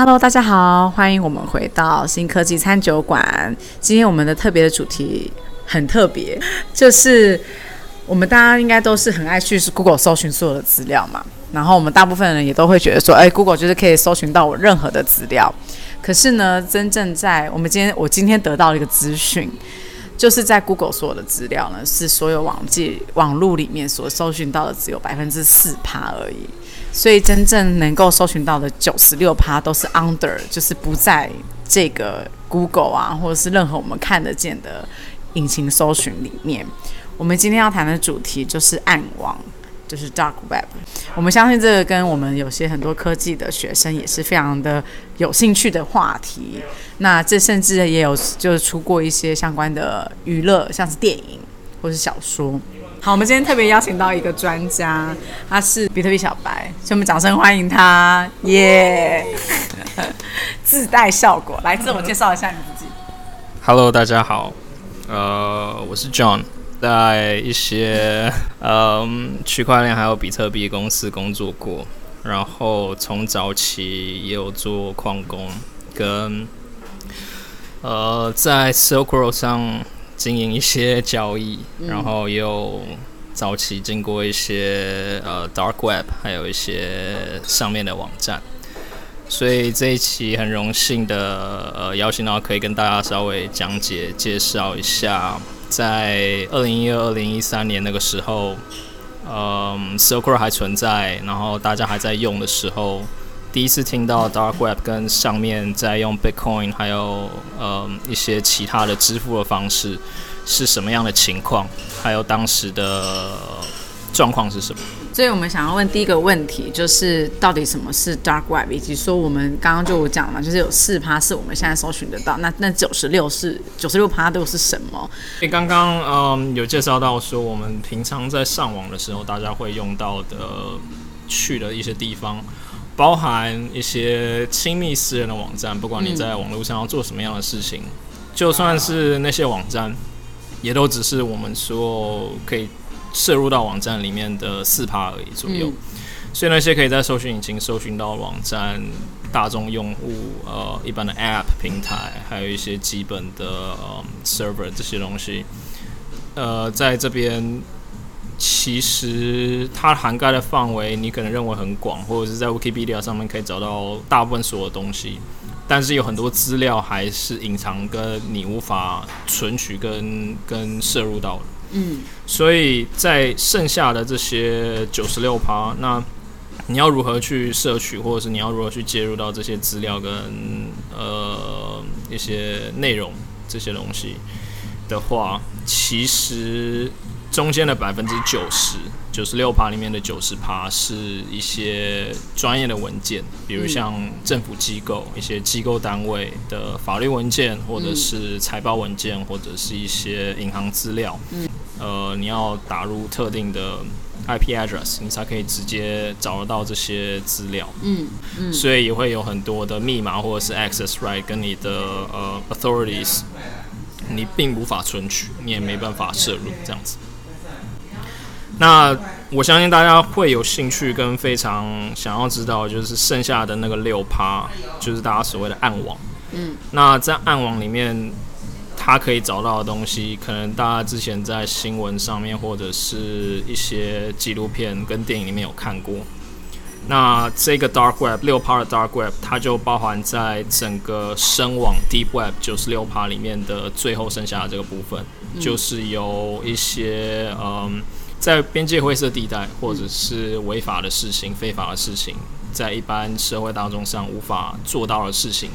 Hello，大家好，歡迎我們回到新科技餐酒館。今天我們的特別的主題很特別，就是我們大家應該都是很愛去 Google 搜尋所有的資料嘛。然後我們大部分人也都會覺得說，哎，Google 就是可以搜尋到我任何的資料。可是呢，真正在我們今天，我今天得到了一個資訊，就是在 Google 所有的資料呢，是所有網際網絡裡面所搜尋到的只有百分之四趴而已。所以真正能夠搜尋到的九十六趴都是 under，就是不在這個 Google 啊，或者是任何我們看得見的引擎搜尋裡面。我們今天要談的主題就是暗網，就是 Dark Web。我們相信這個跟我們有些很多科技的學生也是非常的有興趣的話題。那這甚至也有就是出過一些相關的娛樂，像是電影或是小說。好，我們今天特別邀請到一個專家，他是比特幣小白，所以我們掌聲歡迎他，耶、yeah! 自帶效果，來自我介紹一下你自己。Hello，大家好，呃、uh,，我是 John，在一些呃區塊鏈還有比特幣公司工作過，然後從早期也有做礦工，跟呃、uh, 在 Circle 上。經營一些交易，然後又早期經過一些、嗯、呃 Dark Web，還有一些上面的網站，所以這一期很榮幸的呃邀請到可以跟大家稍微講解介紹一下，在二零一二、二零一三年那個時候，嗯 Silk Road 還存在，然後大家還在用的時候，第一次聽到 Dark Web 跟上面在用 Bitcoin，還有呃、嗯、一些其他的支付的方式是什麼樣的情況？還有當時的狀況是什麼？所以我們想要問第一個問題，就是到底什麼是 Dark Web，以及說我們剛剛就有講嘛，就是有四趴是我們現在搜尋得到，那那九十六是九十六趴都是什麼？因為剛剛嗯有介紹到說，我們平常在上網的時候，大家會用到的去的一些地方。包含一些親密私人的網站，不管你在網絡上要做什麼樣的事情，嗯、就算是那些網站，啊、也都只是我們說可以攝入到網站裡面的四趴而已左右。嗯、所以那些可以在搜索引擎搜尋到網站、大眾用戶、呃一般的 App 平台，還有一些基本的、嗯、Server 這些東西，呃，在這邊。其實它涵蓋的範圍，你可能認為很廣，或者是在 Wikipedia 上面可以找到大部分所有的東西，但是有很多資料還是隱藏，跟你無法存取跟跟攝入到，嗯，所以在剩下的這些九十六趴，那你要如何去攝取，或者是你要如何去介入到這些資料跟呃一些內容這些東西的話，其實。中間的百分之九十九十六趴裡面的九十趴是一些專業的文件，比如像政府機構、一些機構單位的法律文件，或者是財報文件，或者是一些銀行資料。嗯。呃，你要打入特定的 IP address，你才可以直接找得到這些資料。嗯嗯。所以也會有很多的密碼或者是 access right 跟你的呃 authorities，你並無法存取，你也沒辦法涉入這樣子。那我相信大家會有興趣跟非常想要知道，就是剩下的那個六趴，就是大家所謂的暗網。嗯。那在暗網裡面，它可以找到的東西，可能大家之前在新聞上面或者是一些紀錄片跟電影裡面有看過。那這個 Dark Web 六趴的 Dark Web，它就包含在整個深網 Deep Web 九十六趴裡面的最後剩下的這個部分，就是有一些嗯。嗯在邊界灰色地帶，或者是違法的事情、嗯、非法的事情，在一般社會當中上無法做到的事情，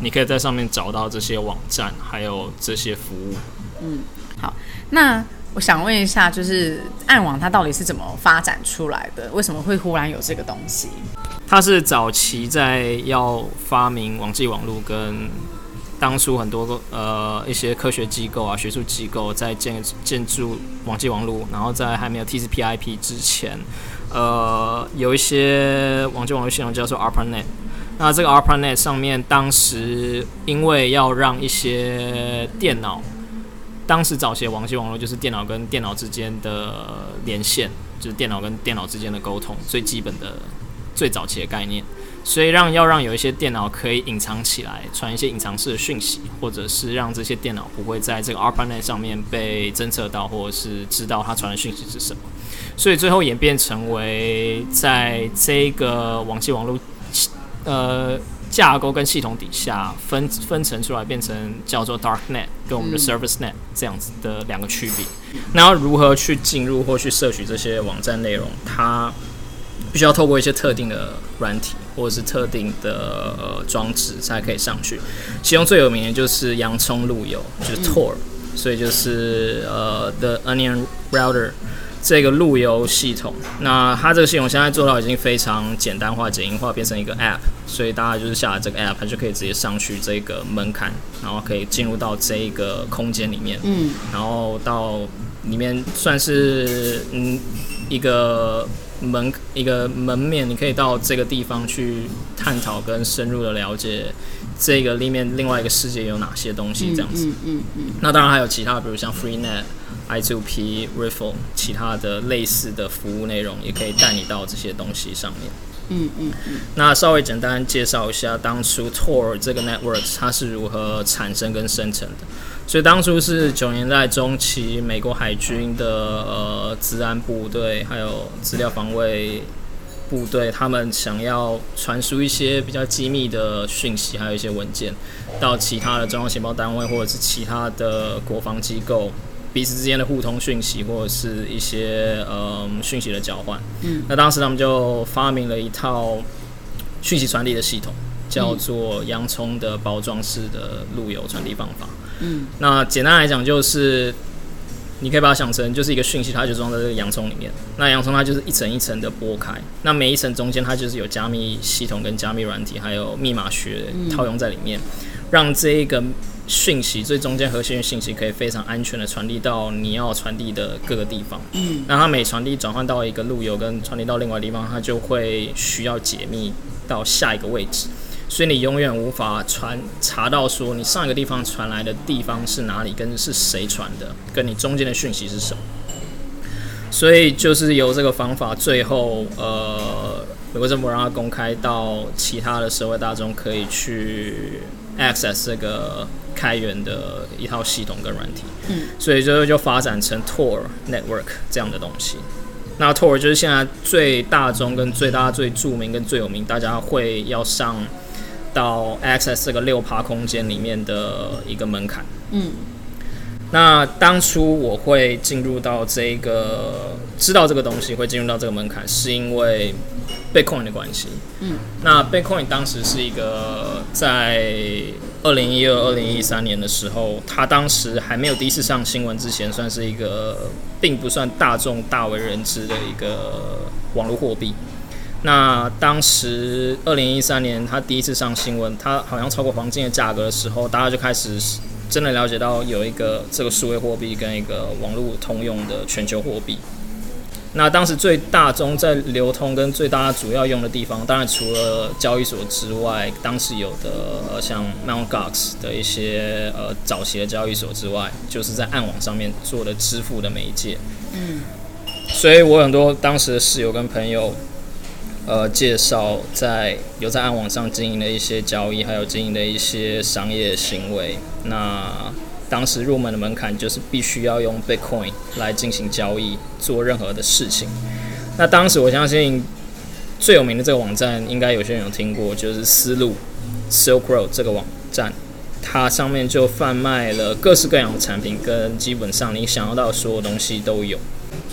你可以在上面找到這些網站，還有這些服務。嗯，好，那我想問一下，就是暗網它到底是怎麼發展出來的？為什麼會忽然有這個東西？它是早期在要發明網際網路跟。當初很多個呃一些科學機構啊、學術機構在建建築網際網絡，然後在還沒有 TCP/IP 之前，呃，有一些網際網絡系統叫做 ARPANET。那這個 ARPANET 上面，當時因為要讓一些電腦，當時早期的網際網絡就是電腦跟電腦之間的連線，就是電腦跟電腦之間的溝通，最基本的最早期的概念。所以讓要讓有一些電腦可以隱藏起來，傳一些隱藏式的訊息，或者是讓這些電腦不會在這個 ARPANET 上面被偵測到，或者是知道它傳的訊息是什麼。所以最後演變成為在這個網際網絡呃架構跟系統底下分分層出來，變成叫做 dark net 跟我們的 surface net 這樣子的兩個區別。那要如何去進入或去攝取這些網站內容，它，必須要透過一些特定的軟體或者是特定的、呃、裝置，才可以上去。其中最有名的就是洋蔥路由，就是 Tor、嗯、所以就是呃 The Onion Router 這個路由系統。那它這個系統現在做到已經非常簡單化、簡易化，變成一個 App，所以大家就是下載這個 App，它就可以直接上去這個門檻，然後可以進入到這個空間裡面。嗯，然後到裡面算是嗯一個。門一個門面，你可以到這個地方去探討跟深入的了解這個裡面另外一個世界有哪些東西這樣子。嗯嗯，那當然還有其他，比如像 FreeNet、I2P、Riffle，其他的類似的服務內容，也可以帶你到這些東西上面。嗯嗯，那稍微簡單介紹一下當初 Tor 這個 Networks 它是如何產生跟生成的。所以當初是九十年代中期，美國海軍的呃治安部隊還有資料防衛部隊，他們想要傳輸一些比較機密的訊息，還有一些文件，到其他的中央情報單位或者是其他的國防機構，彼此之間的互通訊息或者是一些呃訊息的交換。嗯。那當時他們就發明了一套訊息傳遞的系統，叫做洋蔥的包裝式的路由傳遞方法。嗯，那簡單來講就是，你可以把它想成就是一個訊息，它就裝在這個洋蔥裡面。那洋蔥它就是一層一層的剝開，那每一層中間它就是有加密系統跟加密軟體，還有密碼學套用在裡面，嗯、讓這一個訊息最中間核心的訊息可以非常安全的傳遞到你要傳遞的各個地方。嗯，那它每傳遞轉換到一個路由跟傳遞到另外地方，它就會需要解密到下一個位置。所以你永遠無法傳查到說你上一個地方傳來的地方是哪裡，跟是誰傳的，跟你中間的訊息是什麼。所以就是由這個方法，最後呃，美國政府讓它公開到其他的社會大眾可以去 access 這個開源的一套系統跟軟體。嗯，所以最後就發展成 Tor Network 這樣的東西。那 Tor 就是現在最大宗，跟最大、最著名、跟最有名，大家會要上。到 access 這個六趴空間裡面的一個門檻，嗯，那當初我會進入到這一個，知道這個東西會進入到這個門檻，是因為 Bitcoin 的關係，嗯，那 Bitcoin 當時是一個在二零一二、二零一三年的時候，他當時還沒有第一次上新聞之前，算是一個並不算大眾大為人知的一個網絡貨幣。那當時二零一三年，他第一次上新聞，他好像超過黃金的價格的時候，大家就開始真的了解到有一個這個數位貨幣跟一個網絡通用的全球貨幣。那當時最大宗在流通跟最大主要用的地方，當然除了交易所之外，當時有的、呃、像 Mt. Gox 的一些呃早期的交易所之外，就是在暗網上面做的支付的媒介。嗯，所以我很多當時的室友跟朋友。呃，介紹在有在暗網上經營的一些交易，還有經營的一些商業行為。那當時入門的門檻就是必須要用 Bitcoin 來進行交易，做任何的事情。那當時我相信最有名的這個網站，應該有些人有聽過，就是絲路 Silk Road 這個網站，它上面就販賣了各式各樣的產品，跟基本上你想要到的所有東西都有。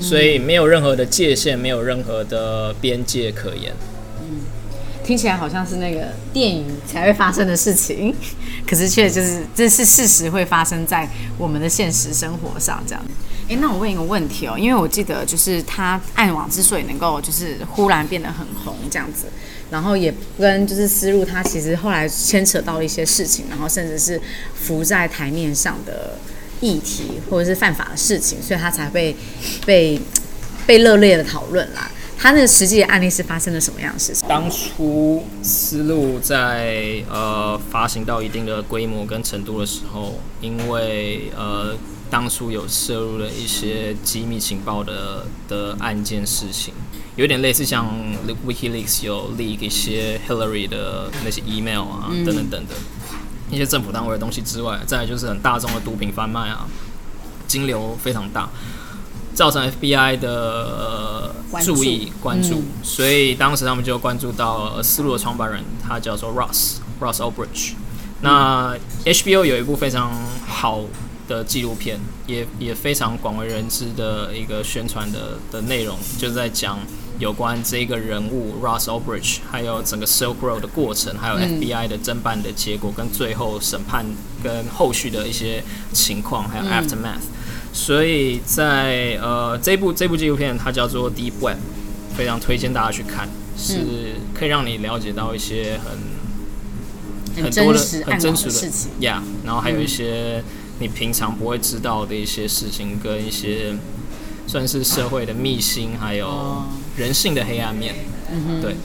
所以沒有任何的界限，嗯、沒有任何的邊界可言。嗯，聽起來好像是那個電影才會發生的事情，可是卻就是這是事實會發生在我們的現實生活上這樣誒。那我問一個問題哦，因為我記得就是他暗網之所以能夠就是忽然變得很紅這樣子，然後也跟就是絲路他其實後來牽扯到一些事情，然後甚至是浮在台面上的議題或者是犯法的事情，所以他才會被被熱烈的討論啦。他那個實際的案例是發生了什麼樣的事情？當初思路在呃發行到一定的規模跟程度的時候，因為呃當初有涉入了一些機密情報的的案件事情，有點類似像 WikiLeaks 有 leak 一些 Hillary 的那些 email 啊、嗯、等等等等。一些政府單位的東西之外，再來就是很大眾的毒品販賣啊，金流非常大，造成 FBI 的注意、呃、關注，所以當時他們就關注到絲路的創辦人，他叫做 Ross Ross Ulbricht。那 HBO 有一部非常好的紀錄片，也也非常廣為人知的一個宣傳的的內容，就是在講。有關這個人物 Ross Ulbricht，還有整個 Silk Road 的過程，還有 FBI 的偵辦的結果，跟最後審判跟後續的一些情況，還有 Aftermath。所以在呃這部這部紀錄片它叫做 Deep Web，非常推薦大家去看，是可以讓你了解到一些很很多的很真實的事情，Yeah，然後還有一些你平常不會知道的一些事情，跟一些算是社會的秘辛，還有。人性的黑暗面，嗯、哼對。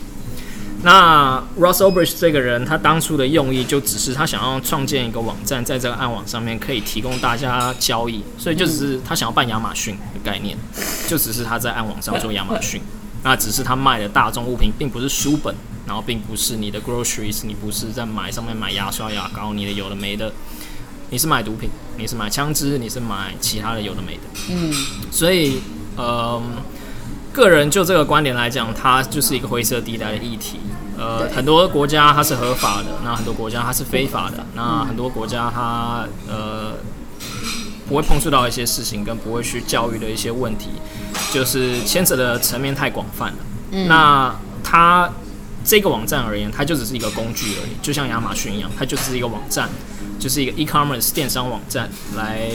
那 Ross Ulbricht 這個人，他當初的用意就只是他想要創建一個網站，在這個暗網上面可以提供大家交易，所以就只是他想要辦亞馬遜的概念，嗯、就只是他在暗網上做亞馬遜。那只是他賣的大眾物品，並不是書本，然後並不是你的 groceries，你不是在買上面買牙刷、牙膏，你的有的沒的，你是買毒品，你是買槍支，你是買其他的有的沒的。嗯，所以，嗯、呃。個人就這個觀點來講，它就是一個灰色地帶的議題。呃，對很多國家它是合法的，那很多國家它是非法的，那很多國家它呃不會碰觸到一些事情，跟不會去教育的一些問題，就是牽扯的層面太廣泛了。嗯，那它。這個網站而言，它就只是一個工具而已，就像亞馬遜一樣，它就只是一個網站，就是一個 e-commerce 電商網站，來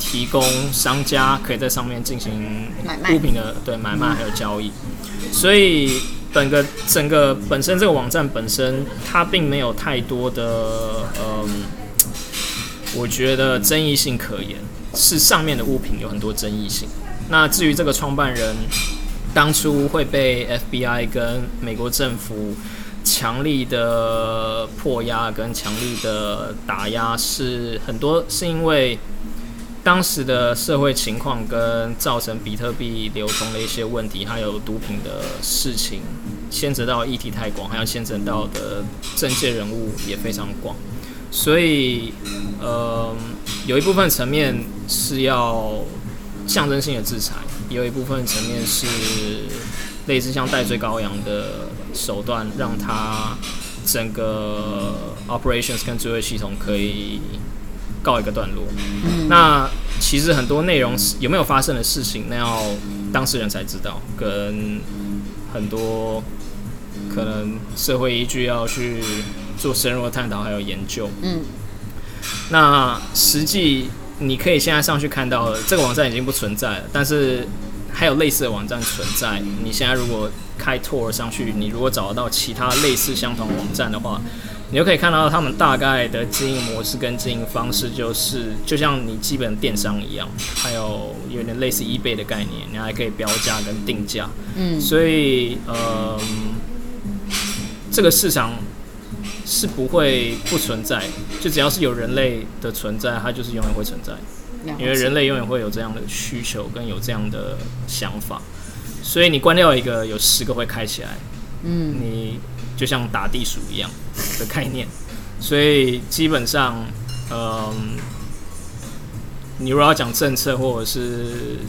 提供商家可以在上面進行物品的買賣、對買賣還有交易。嗯、所以整個整個本身這個網站本身，它並沒有太多的嗯、呃，我覺得爭議性可言，是上面的物品有很多爭議性。那至於這個創辦人，當初會被 FBI 跟美國政府強力的迫壓跟強力的打壓，是很多是因為當時的社會情況跟造成比特幣流通的一些問題，還有毒品的事情牽扯到議題太廣，還有牽扯到的政界人物也非常廣，所以，嗯、呃，有一部分層面是要象徵性的制裁。有一部分層面是類似像戴罪羔羊的手段，讓它整個 operations 跟追回系統可以告一個段落。那其實很多內容有沒有發生的事情，那要當事人才知道，跟很多可能社會依據要去做深入的探討還有研究。嗯，那實際。你可以現在上去看到，這個網站已經不存在了，但是還有類似的網站存在。你現在如果開 Tor 上去，你如果找到其他類似相同網站的話，你就可以看到他們大概的經營模式跟經營方式，就是就像你基本電商一樣，還有有點類似 eBay 的概念，你還可以標價跟定價。嗯，所以呃，這個市場。是不會不存在，就只要是有人類的存在，它就是永遠會存在，了解，因為人類永遠會有這樣的需求跟有這樣的想法，所以你關掉一個，有十個會開起來，嗯，你就像打地鼠一樣的概念，所以基本上，嗯，你如果要講政策或者是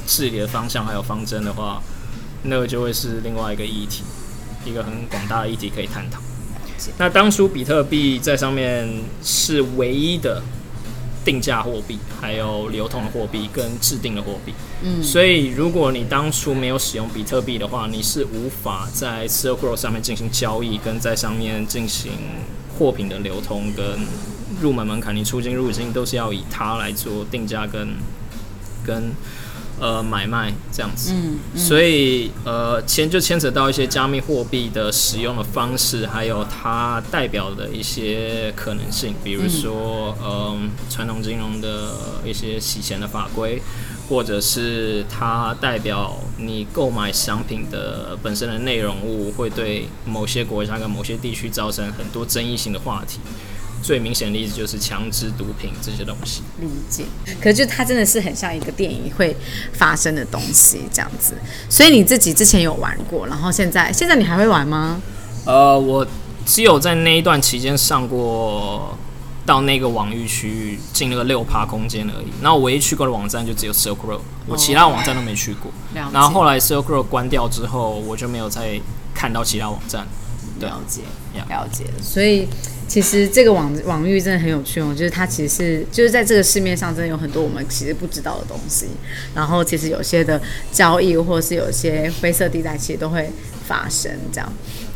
治理的方向還有方針的話，那個就會是另外一個議題，一個很廣大的議題可以探討。那當初比特幣在上面是唯一的定價貨幣，還有流通的貨幣跟制定的貨幣。嗯，所以如果你當初沒有使用比特幣的話，你是無法在 Circle 上面進行交易，跟在上面進行貨品的流通跟入門門檻，你出金入金都是要以它來做定價跟跟。跟呃，買賣這樣子，嗯嗯。所以，呃，牽就牽扯到一些加密貨幣的使用的方式，還有它代表的一些可能性，比如說，嗯、呃，傳統金融的一些洗錢的法規，或者是它代表你購買商品的本身的內容物，會對某些國家跟某些地區造成很多爭議性的話題。最明顯的例子就是槍支、毒品這些東西。理解，可是就它真的是很像一個電影會發生的東西這樣子。所以你自己之前有玩過，然後現在現在你還會玩嗎？呃，我只有在那一段期間上過到那個網域區域，進那個六趴空間而已。然後我唯一去過的網站就只有 Silk Road，我其他網站都沒去過。Oh, okay. 然後後來 Silk Road 關掉之後，我就沒有再看到其他網站。了解，對了解。所以其實這個網網域真的很有趣哦，就是它其實是就是在這個市面上，真的有很多我們其實不知道的東西。然後其實有些的交易，或是有些灰色地帶，其實都會發生這樣。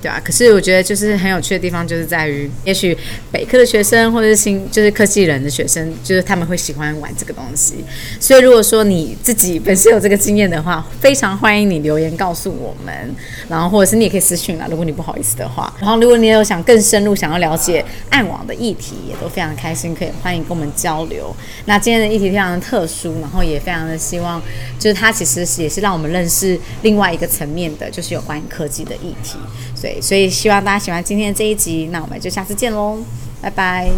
對啊，可是我覺得就是很有趣的地方，就是在於，也許北科的學生或者是新就是科技人的學生，就是他們會喜歡玩這個東西。所以如果說你自己本身有這個經驗的話，非常歡迎你留言告訴我們，然後或者是你也可以私訊啊，如果你不好意思的話。然後如果你也有想更深入想要了解暗網的議題，也都非常開心，可以歡迎跟我們交流。那今天的議題非常特殊，然後也非常的希望，就是它其實是也是讓我們認識另外一個層面的，就是有關於科技的議題，所以。所以希望大家喜歡今天的這一集，那我們就下次見嘍，拜拜。